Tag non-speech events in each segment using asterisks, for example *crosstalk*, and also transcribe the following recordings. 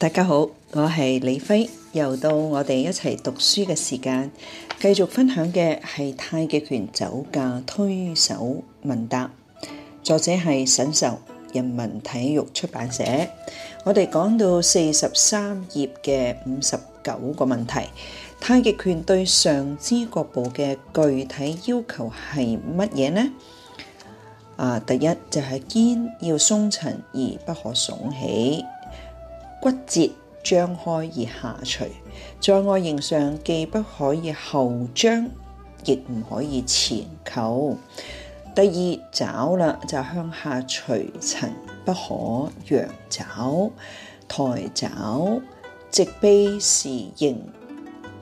大家好，我係李輝，又到我哋一齊讀書嘅時間，繼續分享嘅係太極拳走架推手問答，作者係沈壽，人民體育出版社。我哋講到四十三頁嘅五十九個問題，太極拳對上肢各部嘅具體要求係乜嘢呢？啊，第一就係、是、肩要鬆沉而不可聳起。骨節張開而下垂，在外形上既不可以後張，亦唔可以前扣。第二爪啦，就向下垂沉，不可揚爪、抬爪。直臂是應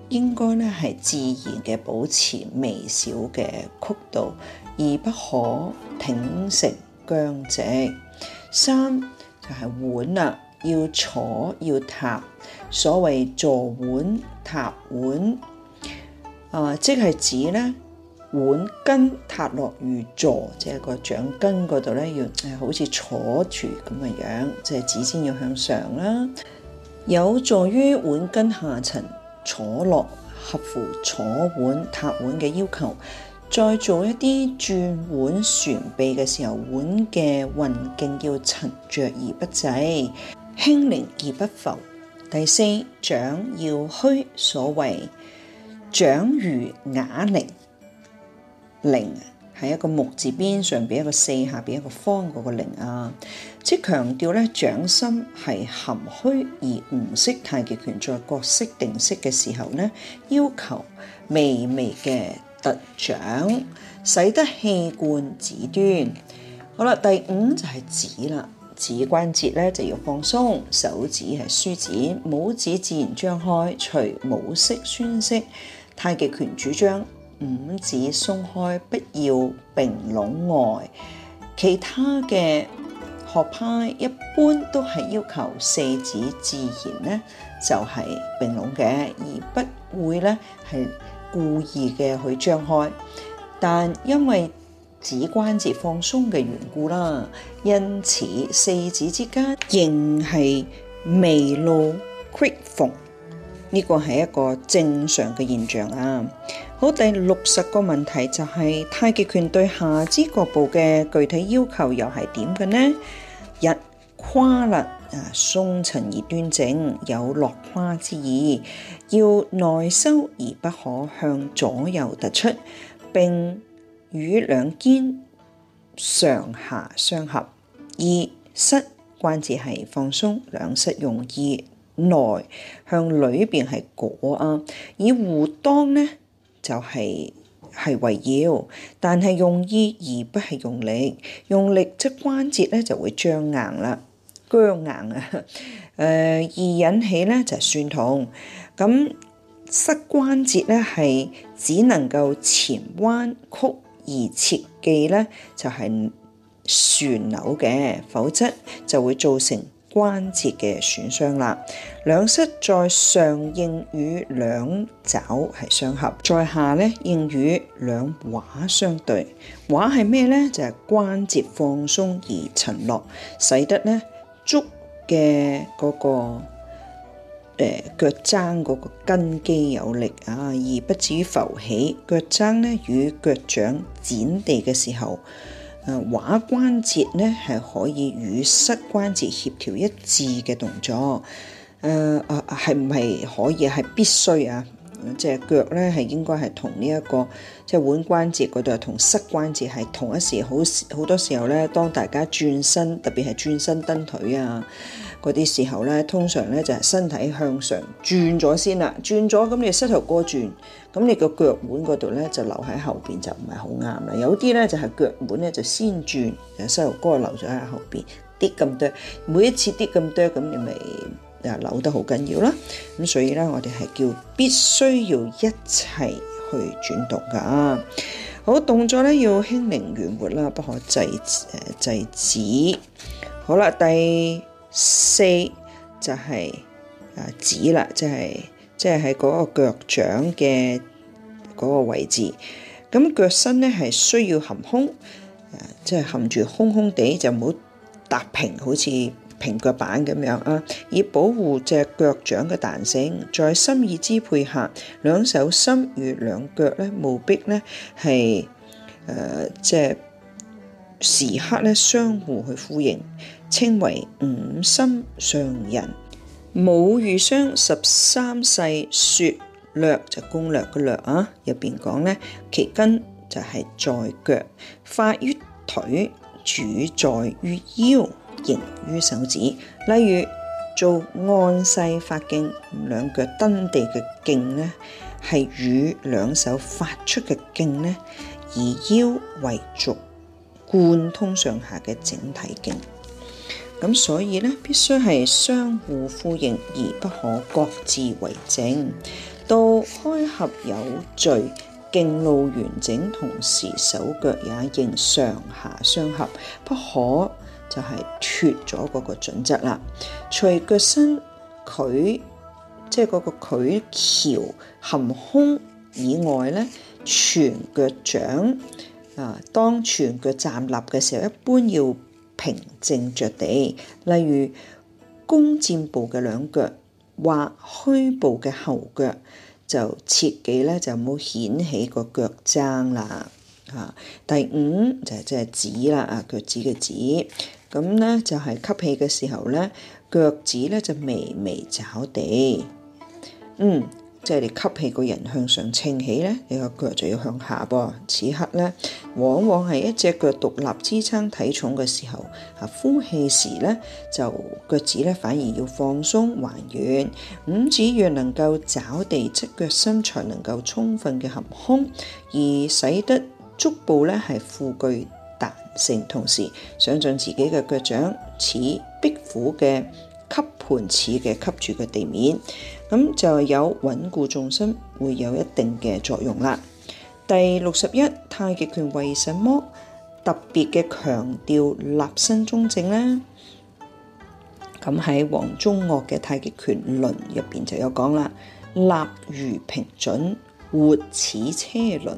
應該咧係自然嘅保持微小嘅曲度，而不可挺成僵直。三就係腕啦。要坐要塌，所謂坐腕、踏腕、呃、腕，啊，即係指咧腕根塌落如座，即係個掌根嗰度咧，要誒好似坐住咁嘅樣，即係指尖要向上啦，有助於腕根下沉坐落，合乎坐腕踏、腕嘅要求。再做一啲轉腕旋臂嘅時候，腕嘅運勁要沉着而不滯。輕靈而不浮。第四，掌要虛，所謂掌如瓦楞，楞係一個木字邊上邊一個四下邊一個方嗰個楞啊，即係強調掌心係含虛而唔識太極拳在各式定式嘅時候呢，要求微微嘅突掌，使得氣貫指端。好啦，第五就係指啦。指關節咧就要放鬆，手指係舒展，拇指自然張開，除冇式宣式。太極拳主張五指鬆開，不要併攏外，其他嘅學派一般都係要求四指自然咧就係、是、併攏嘅，而不會咧係故意嘅去張開，但因為。指關節放鬆嘅緣故啦，因此四指之間仍係微露屈縫，呢個係一個正常嘅現象啊！好，第六十個問題就係、是、太極拳對下肢各部嘅具體要求又係點嘅呢？一胯骨啊，鬆沉而端正，有落胯之意，要內收而不可向左右突出，並與兩肩上下相合，二膝關節係放鬆，兩膝用意內向裏邊係裹啊，以護當呢就係係圍繞，但係用意而不係用力，用力即關節咧就會僵硬啦，僵硬啊，誒，易引起咧就係、是、酸痛，咁膝關節咧係只能夠前彎曲。而切忌咧就係旋扭嘅，否則就會造成關節嘅損傷啦。兩膝在上應與兩爪係相合，在下咧應與兩胯相對。胯係咩咧？就係、是、關節放鬆而沉落，使得咧足嘅嗰個。誒、呃、腳踭嗰個根基有力啊，而不至於浮起。腳踭咧與腳掌剪地嘅時候，誒、啊、踝關節咧係可以與膝關節協調一致嘅動作。誒誒係咪可以係必須啊？啊即係腳咧係應該係同呢、這、一個即係腕關節嗰度同膝關節係同一時，好好多時候咧，當大家轉身特別係轉身蹬腿啊。嗰啲時候咧，通常咧就係、是、身體向上轉咗先啦，轉咗咁你膝頭哥轉，咁你個腳腕嗰度咧就留喺後邊就唔係好啱啦。有啲咧就係、是、腳腕咧就先轉，膝頭哥留咗喺後邊，跌咁多，每一次跌咁多，咁你咪啊扭得好緊要啦。咁所以咧，我哋係叫必須要一齊去轉動噶。好動作咧要輕靈圓活啦，不可制止、呃、制止。好啦，第。四就係、是、啊指啦，即係即係喺嗰個腳掌嘅嗰個位置。咁、嗯、腳身咧係需要含空，即係含住空空地，就唔、是、好踏平，好似平腳板咁樣啊，以保護隻腳掌嘅彈性。在心意支配下，兩手心與兩腳咧，務必咧係誒，即係、啊就是、時刻咧相互去呼應。稱為五心上人。武禹襄十三勢説略，就攻略嘅略啊，入邊講咧，其根就係在腳，發於腿，主宰於腰，形於手指。例如做按勢發勁，兩腳蹬地嘅勁咧，係與兩手發出嘅勁咧，以腰為軸貫通上下嘅整體勁。咁所以咧，必須係相互呼應而不可各自為政。到開合有序、勁路完整，同時手腳也應上下相合，不可就係脱咗嗰個準則啦。除腳身、佢，即係嗰個腿橋含胸以外咧，全腳掌啊，當全腳站立嘅時候，一般要。平靜着地，例如弓箭步嘅兩腳或虛步嘅後腳，就切記咧，就冇掀起個腳踭啦嚇。第五就係即係趾啦，啊，腳趾嘅趾，咁咧就係、是、吸氣嘅時候咧，腳趾咧就微微抓地嗯。即係你吸氣，個人向上稱起咧，你個腳就要向下噃。此刻咧，往往係一隻腳獨立支撐體重嘅時候，啊，呼氣時咧，就腳趾咧反而要放鬆還原。五指若能夠抓地，即腳心才能夠充分嘅含胸，而使得足部咧係富具彈性，同時想像自己嘅腳掌似壁虎嘅吸盤似嘅吸住嘅地面。咁就有穩固重心，會有一定嘅作用啦。第六十一，太極拳為什麼特別嘅強調立身中正呢？咁喺王宗岳嘅《太極拳論》入邊就有講啦，立如平準，活似車輪。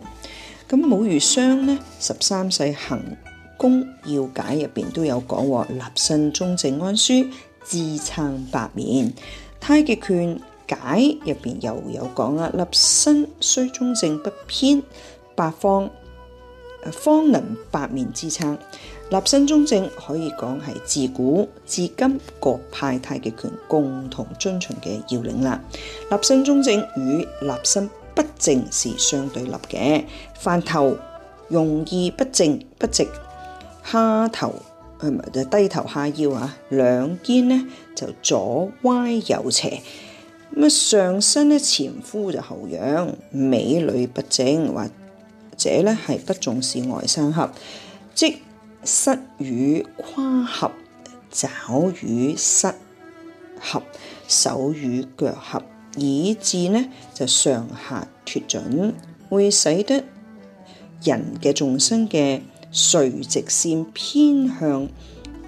咁武禹襄呢，十三勢行功要解入邊都有講喎，立身中正安舒，支撐八面」。太極拳。解入邊又有講啦，立身需中正不偏，八方方能八面支撐。立身中正可以講係自古至今各派太極拳共同遵循嘅要領啦。立身中正與立身不正是相對立嘅。飯頭容易不正不直，蝦頭唔係就低頭下腰啊，兩肩呢，就左歪右斜。咁上身前俯就後仰，尾閭不正，或者咧係不重視外三合，即膝與胯合、爪與膝合、手與腳合，以致咧就上下脫準，會使得人嘅重心嘅垂直線偏向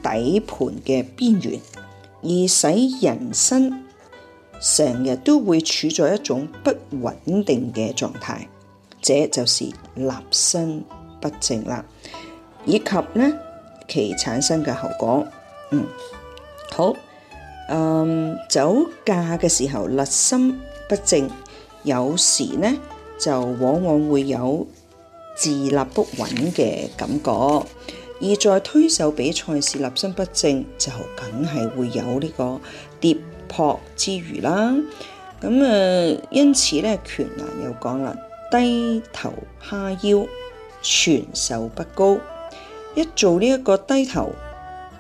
底盤嘅邊緣，而使人身。成日都會處在一種不穩定嘅狀態，這就是立身不正啦，以及呢其產生嘅後果。嗯，好，嗯，走架嘅時候立身不正，有時呢就往往會有自立不穩嘅感覺，而在推手比賽時立身不正，就梗係會有呢個跌。學之餘啦，咁啊、呃，因此咧，拳壇又講啦，低頭哈腰，全手不高，一做呢一個低頭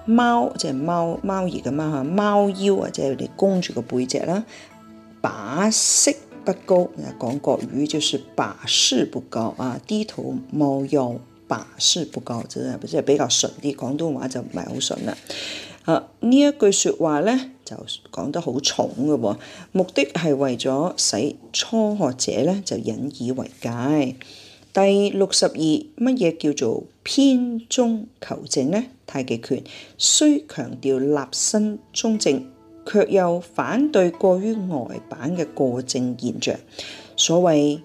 貓，即係貓貓兒嘅貓嚇，貓腰或者你弓住個背脊啦，把式不高，講國語就是把式不高啊，低頭貓腰，把式不高，即即係比較順啲，廣東話就唔係好順啦。呢、啊、一句説話咧，就講得好重噶喎、哦，目的係為咗使初學者咧就引以為戒。第六十二，乜嘢叫做偏中求正呢？太極拳雖強調立身中正，卻又反對過於呆板嘅過正現象。所謂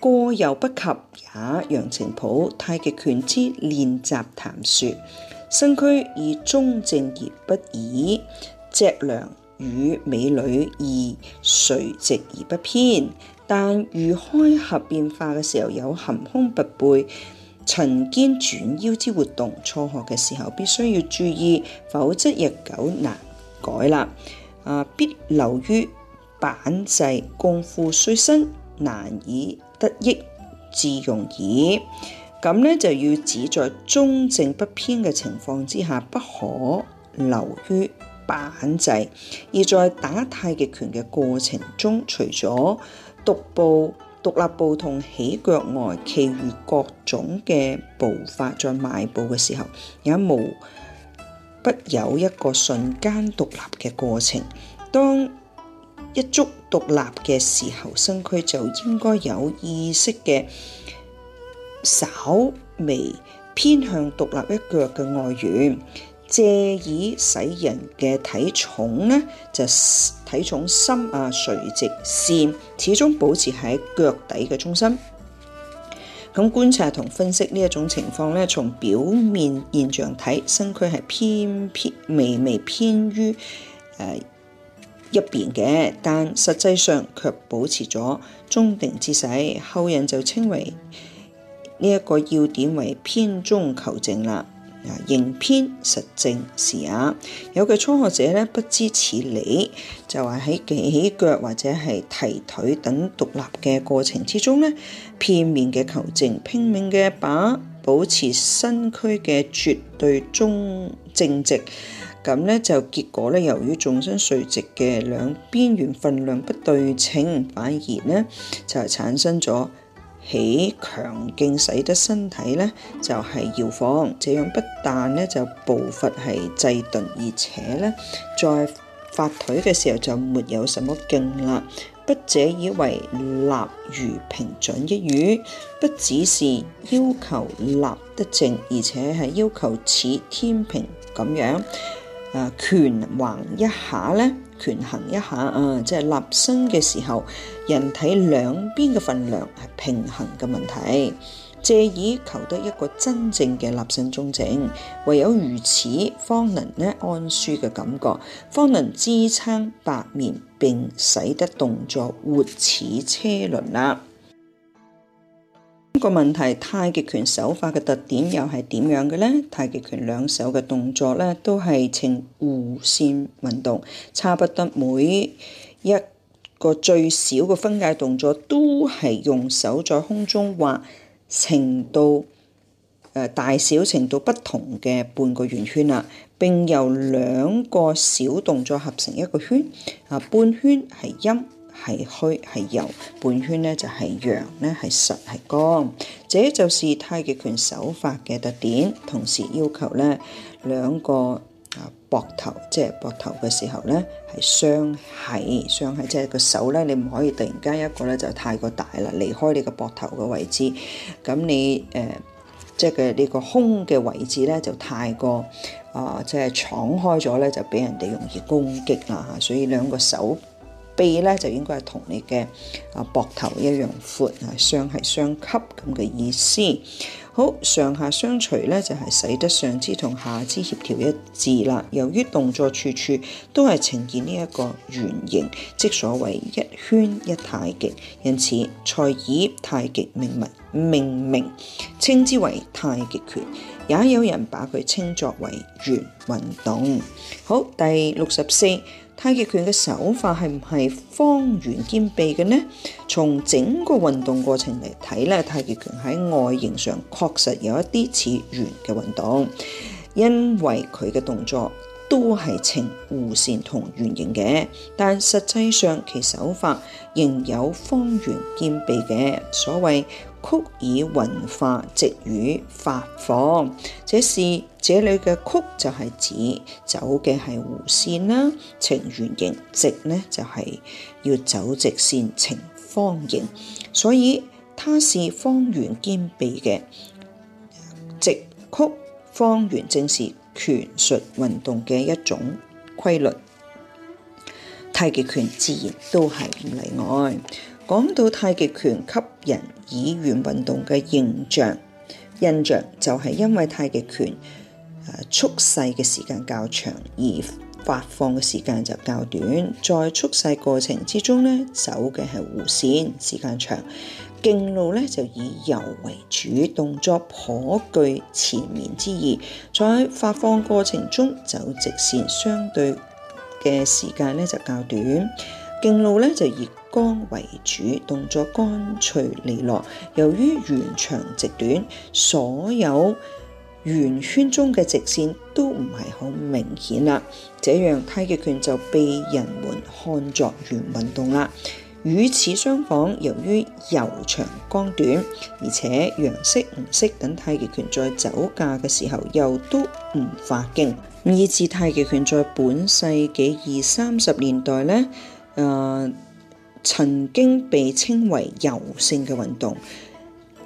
過猶不及也。楊澄甫《太極拳之練習談説》。身軀以中正而不倚，脊梁與美女而垂直而不偏，但如開合變化嘅時候有含胸拔背、沉肩轉腰之活動，初學嘅時候必須要注意，否則日久難改啦。啊，必留於板滯，功夫雖深，難以得益自容矣。咁咧就要指在中正不偏嘅情況之下，不可流於板滯。而在打太極拳嘅過程中，除咗獨步、獨立步同起腳外，其餘各種嘅步法在邁步嘅時候，也無不有一個瞬間獨立嘅過程。當一足獨立嘅時候，身軀就應該有意識嘅。稍微偏向獨立一腳嘅外緣，借以使人嘅體重呢，就體重心啊，垂直線始終保持喺腳底嘅中心。咁觀察同分析呢一種情況呢，從表面現象睇，身軀係偏偏微微偏於誒、呃、一邊嘅，但實際上卻保持咗中定之勢。後人就稱為呢一個要點為偏中求正啦，啊，形偏實正是也。有嘅初學者咧，不知此理，就係喺起腳或者係提腿等獨立嘅過程之中呢，片面嘅求正，拼命嘅把保持身軀嘅絕對中正直，咁呢，就結果呢，由於重心垂直嘅兩邊緣分量不對稱，反而呢，就係產生咗。起強勁，使得身體咧就係搖晃，這樣不但咧就步伐係制頓，而且咧在發腿嘅時候就沒有什麼勁啦。筆者以為立如平準一語，不只是要求立得正，而且係要求似天平咁樣。啊，權衡一下咧，權衡一下啊、呃，即係立身嘅時候，人體兩邊嘅份量係平衡嘅問題，借以求得一個真正嘅立身中正，唯有如此，方能咧安舒嘅感覺，方能支撐八面並使得動作活似車輪啊！個問題，太極拳手法嘅特點又係點樣嘅呢？太極拳兩手嘅動作咧，都係呈弧線運動，差不多每一個最小嘅分解動作，都係用手在空中畫程度大小程度不同嘅半個圓圈啦，並由兩個小動作合成一個圈，啊，半圈係陰。係虛係柔，半圈咧就係陽咧，係實係剛，這就是太極拳手法嘅特點。同時要求咧兩個啊膊頭，即係膊頭嘅時候咧，係相係，相係即係個手咧，你唔可以突然間一個咧就、呃、就太過大啦，離開你個膊頭嘅位置。咁你誒即係嘅呢個胸嘅位置咧就太過啊，即係敞開咗咧就俾人哋容易攻擊啦嚇。所以兩個手。臂咧就應該係同你嘅啊膊頭一樣闊啊，相係相級咁嘅意思。好，上下相隨咧，就係使得上肢同下肢協調一致啦。由於動作處處都係呈現呢一個圓形，即所謂一圈一太極，因此才以太極命名，命名稱之為太極拳，也有人把佢稱作為圓運動。好，第六十四。太極拳嘅手法係唔係方圓兼備嘅呢？從整個運動過程嚟睇咧，太極拳喺外形上確實有一啲似圓嘅運動，因為佢嘅動作都係呈弧線同圓形嘅。但實際上其手法仍有方圓兼備嘅，所謂。曲以文化，直以發放。這是這裏嘅曲就係指走嘅係弧線啦，呈圓形；直呢就係要走直線，呈方形。所以它是方圓兼備嘅，直曲方圓正是拳術運動嘅一種規律。太極拳自然都係唔例外。講到太極拳給人以圓運動嘅形象印象，就係因為太極拳誒、啊、蓄勢嘅時間較長，而發放嘅時間就較短。在蓄勢過程之中咧，走嘅係弧線，時間長；徑路咧就以右為主，動作頗具纏綿之意。在發放過程中走直線，相對嘅時間咧就較短。勁路咧就以剛為主，動作乾脆利落。由於圓長直短，所有圓圈中嘅直線都唔係好明顯啦。這樣太極拳就被人們看作圓運動啦。與此相反，由於柔長剛短，而且陽式、唔式等太極拳在走架嘅時候又都唔發勁。以至太極拳在本世紀二三十年代呢。誒、呃、曾經被稱為柔性嘅運動，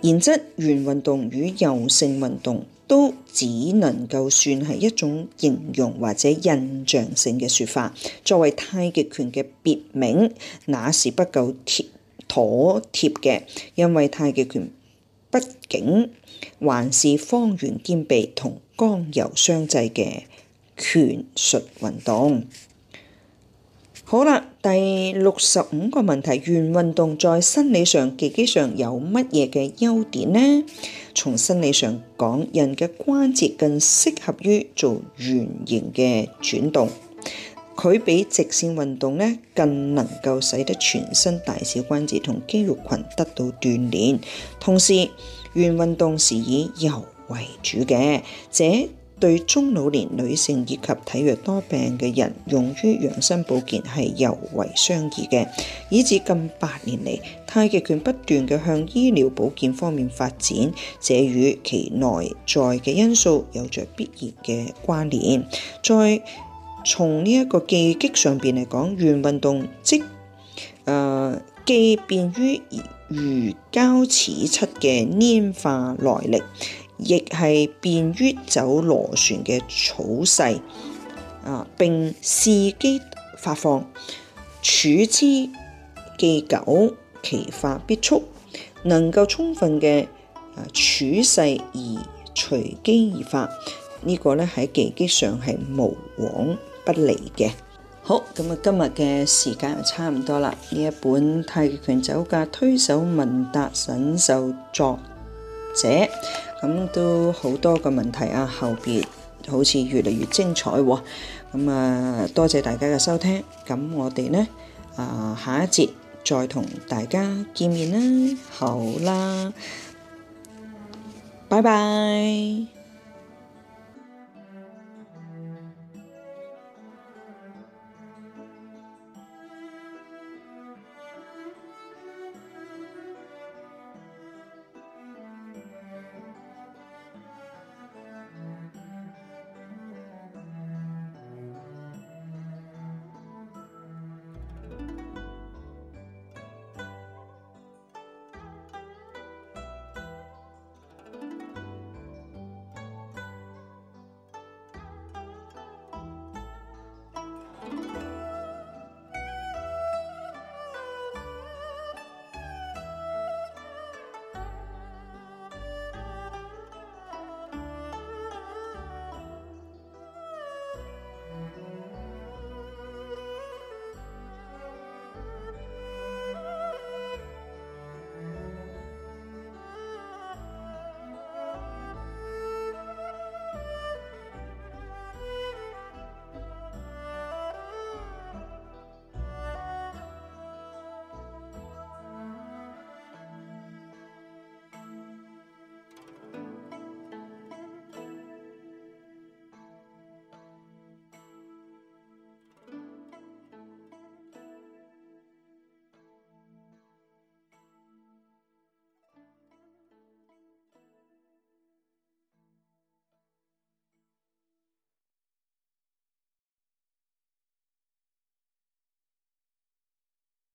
然則圓運動與柔性運動都只能夠算係一種形容或者印象性嘅説法，作為太極拳嘅別名，那是不夠貼妥貼嘅，因為太極拳畢竟還是方圓兼備同剛柔相濟嘅拳術運動。好啦，第六十五個問題，圓運動在生理上、技擊上有乜嘢嘅優點呢？從生理上講，人嘅關節更適合於做圓形嘅轉動，佢比直綫運動呢，更能夠使得全身大小關節同肌肉群得到鍛煉。同時，圓運動是以柔為主嘅，這對中老年女性以及體弱多病嘅人，用於養生保健係尤為相宜嘅。以至近八年嚟，太極拳不斷嘅向醫療保健方面發展，這與其內在嘅因素有着必然嘅關聯。再從呢一個技擊上邊嚟講，圓運動即誒、呃、既便於如膠似漆嘅粘化內力。亦係便於走螺旋嘅草勢啊！並伺機發放，處之既久，其發必速，能夠充分嘅啊處勢而隨機而發，這個、呢個咧喺技擊上係無往不利嘅。好，咁啊，今日嘅時間又差唔多啦。呢 *noise* 一本《太極拳走架推手問答》沈壽作者。咁都好多個問題啊！後面好似越嚟越精彩喎！咁啊，多謝大家嘅收聽。咁我哋呢啊下一節再同大家見面啦！好啦，拜拜。